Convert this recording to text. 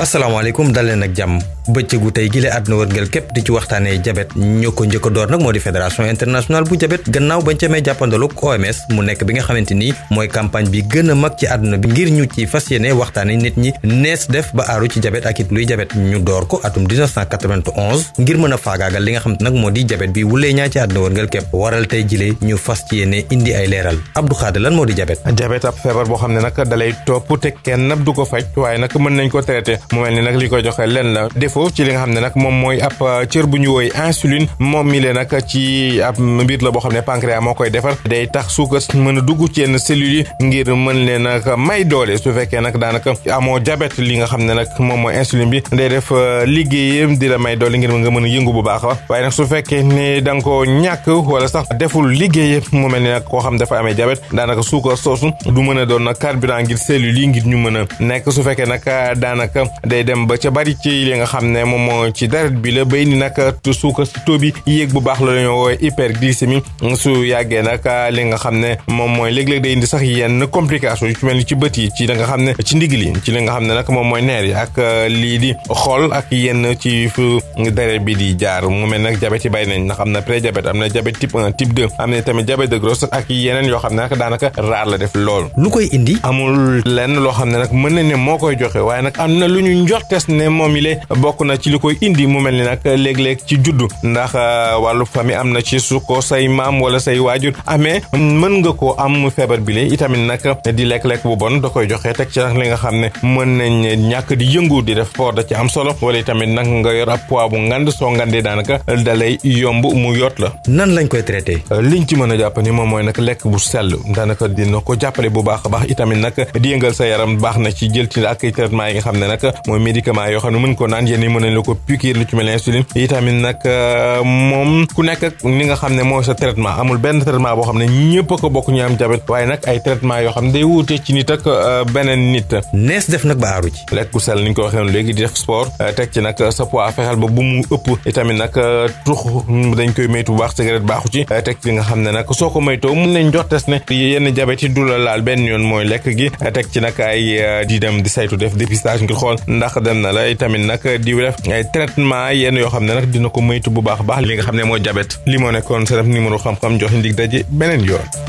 asalaamaaleykum dal leen ak jàmm bëccëgu tay gi la àdduna wërngel képp di ci waxtané jabet ñoko ko door nak modi fédération internationale bu jabet gannaaw bañ ci may jappandalu OMS mu nekk bi nga xamanteni moy campagne bi gëna mag ci adna bi ngir ñu ci fasiyéné waxtané nit ñi nees def ba aru ci jabet ak it luy jabet ñu door ko atum 1991 ngir mëna a faagaagal li nga xamante nak modi di jabet bi wulé ñaa ci adna wërngel képp waral tay jile ñu fasiyéné indi ay léral Abdou khadir lan modi di jabet jabet ab feebar boo xam ne dalay top té kenn du ko fajj waye nak mën nañ ko traité mu mel ni nag li koy joxe leen la nga xam ne nag moom mooy ab euh, bu ñu wooy insuline moom mi nag ci ab mbir boo xam ne pancréas moo koy defar day tax suukar mën a dugg ci yenn ngir mën leen nag may doole su fekkee nag daanaka amoo diabète li nga xam ne nag moom mooy insuline bi day def euh, liggéeyam di la may doole ngir nga mën a yëngu bu baax waaye nag su fekkee ne da nga ñàkk wala sax deful liggéeyam mu mel ni nag koo xam dafa amee diabète daanaka suukar soosu du mën a doon carburant ngir cellules yi ngir ñu mën a nekk su fekkee nag euh, daanaka day dem ba ca bari ci li nga xam ne moom moo ci deret bi la bay ni nag suukar si taux bi yéeg bu baax la lañoo woowe hyperglycémie su yàggee nag li nga xam ne moom mooy léeg day indi sax yenn complication yu ci mel ni ci bët yi ci la nga xam ne ci ndigg li ci li nga xam ne nag moom mooy neer yi ak euh, lii di xool ak yenn ci fu deret bi di jaar mu mel nag diabète yi bari nañ ndax am na pré jabet am na diabète type 1 type 2 am na tamit diabète de grossesse ak yeneen yoo xam ne nag daanaka raar la def lool lu koy indi amul lenn loo xam ne nag mën nañ ne moo koy joxe ñu njortes ne moom ile bokk na ci likoy indi mu melni nak nag léeg ci judd ndax euh, walu fami amna ci su ko say mam wala say wajur amé mën nga ko am feebar bi le itamin nak di leg-leg bu bon da koy joxe tek ci nak li nga mën nañ ñak di yëngu di def sport da ci am solo wala itamin nak nga yor ap poids bu ngand soo ngandee daanaka dalay yomb mu yot la nan lañ koy traité euh, liñ ci mëna japp ni mom moy nak lekk bu sell daanaka di nako jappalé bu baax baax itamin nak di yëngal sa yaram baax na ci jël ci ak traitement yi nga nak moy médicament yo xamne mën ko nan yene mën nañ la ko lu ci mel insuline yi itamit nak mom ku nek ak ni nga xamne mo sa traitement amul ben traitement bo xamne ñëpp ko bokku ñu am jabet waaye nag ay traitement yo xamne day wuté ci nit ak benen nit nees def nak ba aru ci lek ku sel ni ñu ko waxee léegi def sport tek ci nak sa poids fexal ba bu mu ëpp itamit nak tux dañ koy moytu bu baax cigarette baxu ci tek ci nga xamne nak soko soo ko moytoo mun nañ jottes ne yene diabète yi du laal ben yoon moy lek gi tek ci nak ay di dem di saytu def dépistage ngir xol ndax dem na la itamit nag di def ay traitement yenn yoo xam ne nag dina ko moytu bu baax baax li nga xam ne mooy jabet li moo nekkoon seen numéro xam-xam joxe ndig daje beneen yoon